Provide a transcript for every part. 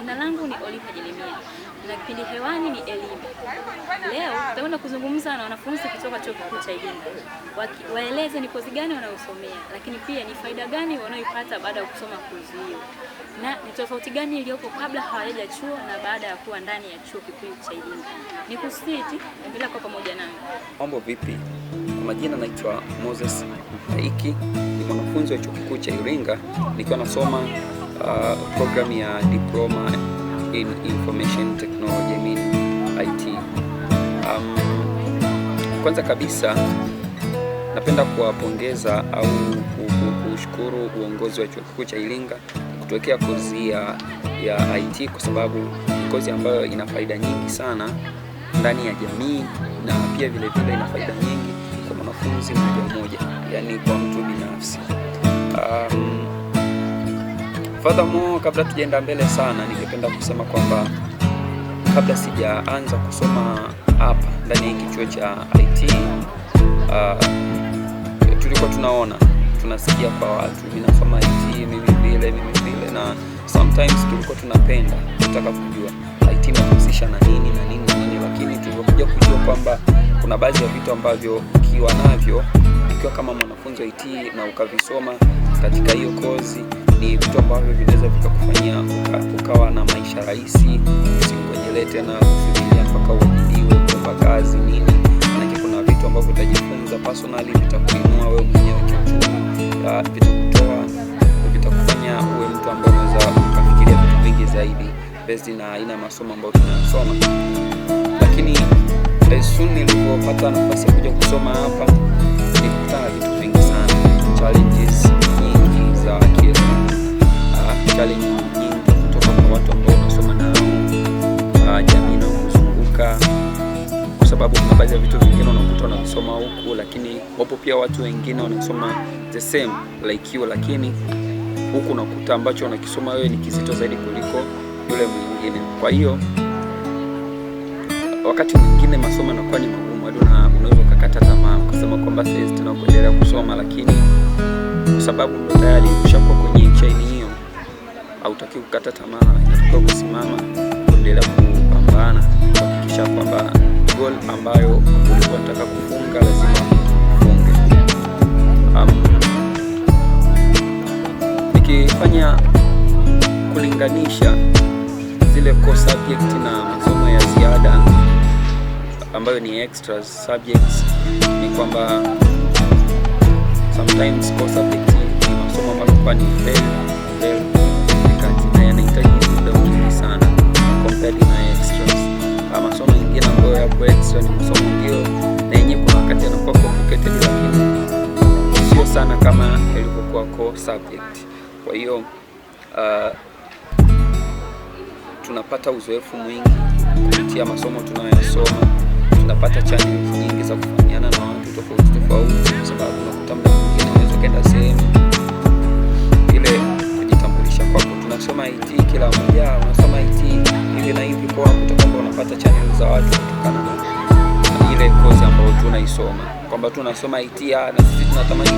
Jina langu ni Oliva Jeremia na kipindi hewani ni elimu. Leo tutaenda kuzungumza na wanafunzi kutoka Chuo Kikuu cha Iringa, waeleze ni kozi gani wanayosomea, lakini pia ni faida gani wanayoipata baada ya kusoma kozi hiyo, na ni tofauti gani iliyopo kabla hawajaja chuo na baada ya kuwa ndani ya Chuo Kikuu cha Iringa. Ni kusiti bila kwa pamoja nami. Mambo vipi? Kwa majina naitwa Moses Taiki, ni mwanafunzi wa Chuo Kikuu cha Iringa nikiwa nasoma Uh, program programu ya diploma in information technology I mean IT. Um, kwanza kabisa napenda kuwapongeza au kushukuru uongozi wa Chuo Kikuu cha Iringa kutuwekea kozi ya, ya IT kwa sababu ni kozi ambayo ina faida nyingi sana ndani ya jamii na pia vile vile ina faida nyingi kwa mwanafunzi mmoja mmoja, yani kwa mtu binafsi. um, Furthermore, kabla tujaenda mbele sana, ningependa kusema kwamba kabla sijaanza kusoma hapa ndani ya kichuo cha IT uh, ah, tulikuwa tunaona tunasikia kwa watu, mimi nasoma IT, mimi vile mimi vile, na sometimes tulikuwa tunapenda kutaka kujua IT inahusisha na nini na nini na nini, lakini tulikuja kujua kwamba kuna baadhi ya vitu ambavyo ukiwa navyo, ikiwa kama mwanafunzi wa IT na ukavisoma katika hiyo kozi ni vitu ambavyo vinaweza vikakufanyia ukawa na maisha rahisi, usingojelee tena kufikiria mpaka uajiliwe kuomba kazi nini, manake kuna vitu ambavyo utajifunza personally, vitakuinua wewe mwenyewe kiuchumi, vitakutoa, vitakufanya uwe mtu ambaye unaweza ukafikiria vitu vingi zaidi based na aina ya masomo ambayo tunayasoma. Lakini soon nilipopata nafasi ya kuja kusoma hapa sababu kuna baadhi ya vitu vingine unakuta wanasoma huku, lakini wapo pia watu wengine wanasoma the same like you, lakini huku unakuta ambacho wanakisoma wewe ni kizito zaidi kuliko yule mwingine. Kwa hiyo wakati mwingine masomo yanakuwa ni magumu hadi unaweza ukakata tamaa ukasema kwamba siwezi tena kuendelea kusoma, lakini kwa sababu ndo tayari ushakuwa kwenye chaini hiyo, hautaki kukata tamaa, inatakiwa kusimama kuendelea kupambana kuhakikisha kwamba goal ambayo ulikuwa unataka kufunga lazima ufunge. Um, nikifanya kulinganisha zile core subject na masomo ya ziada ambayo ni extra subjects, ni kwamba sometimes core subject ni masomo ambayo ni fail sana kama ilivyokuwa core subject. Kwa hiyo uh, tunapata uzoefu mwingi kupitia masomo tunayosoma, tunapata challenge nyingi za kufanyana na watu tofauti tofauti, kwa sababu unakuta mwingine unaweza kwenda sehemu ile kujitambulisha kwako, tunasoma IT, kila mmoja unasoma IT hivi na hivi, kwa kutoka unapata challenge za watu kutokana na ile kozi ambayo tunaisoma kwamba tunasoma IT na sisi tunatamani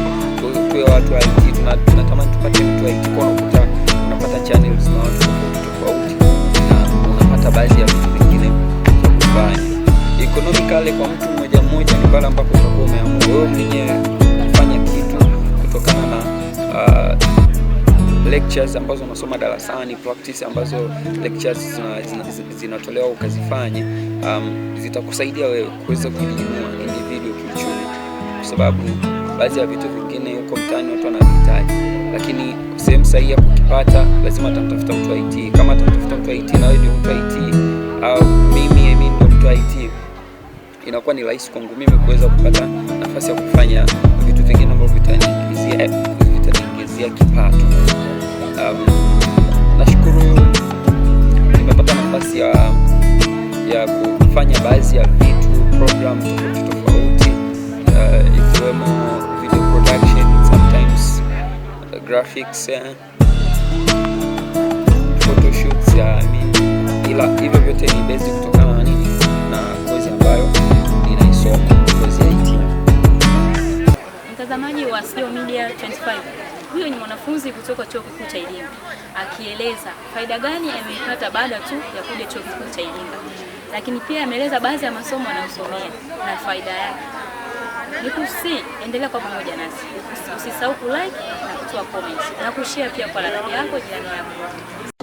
tuwe watu wa IT, tunatamani tupate mtu wa IT, kwa unakuta unapata channels na watu tofauti tofauti, na unapata baadhi ya vitu vingine vya kufanya. Economically kwa mtu mmoja mmoja ni pale ambapo utakuwa umeamua wewe mwenyewe kufanya kitu kutokana na uh, lectures ambazo unasoma darasani, practice ambazo lectures zinatolewa zina, zina ukazifanye, um, zitakusaidia wewe kuweza kujiinua sababu baadhi ya vitu vingine huko mtaani watu wanavihitaji, lakini sehemu sahihi ya kukipata lazima atamtafuta mtu IT. Kama atamtafuta mtu IT na wewe ni mtu IT au mimi mimi ndio mtu IT, inakuwa ni rahisi kwangu mimi kuweza kupata nafasi ya kufanya vitu vingine ambavyo vitaniingizia vitaniingizia kipato um, graphics eh? photoshoots ya ila hivyo vyote ni basic kutokana na nini na kozi ambayo ninaisoma kozi ya IT. Mtazamaji wa Sio Media 25 huyo ni mwanafunzi kutoka chuo kikuu cha Iringa akieleza faida gani ameipata baada tu ya kuja chuo kikuu cha Iringa, lakini pia ameeleza baadhi ya masomo anayosomea na faida yake. Nikusi endelea kwa pamoja nasi, usisahau kulike na kutoa comment na kushare pia kwa rafiki yako, jirani yako.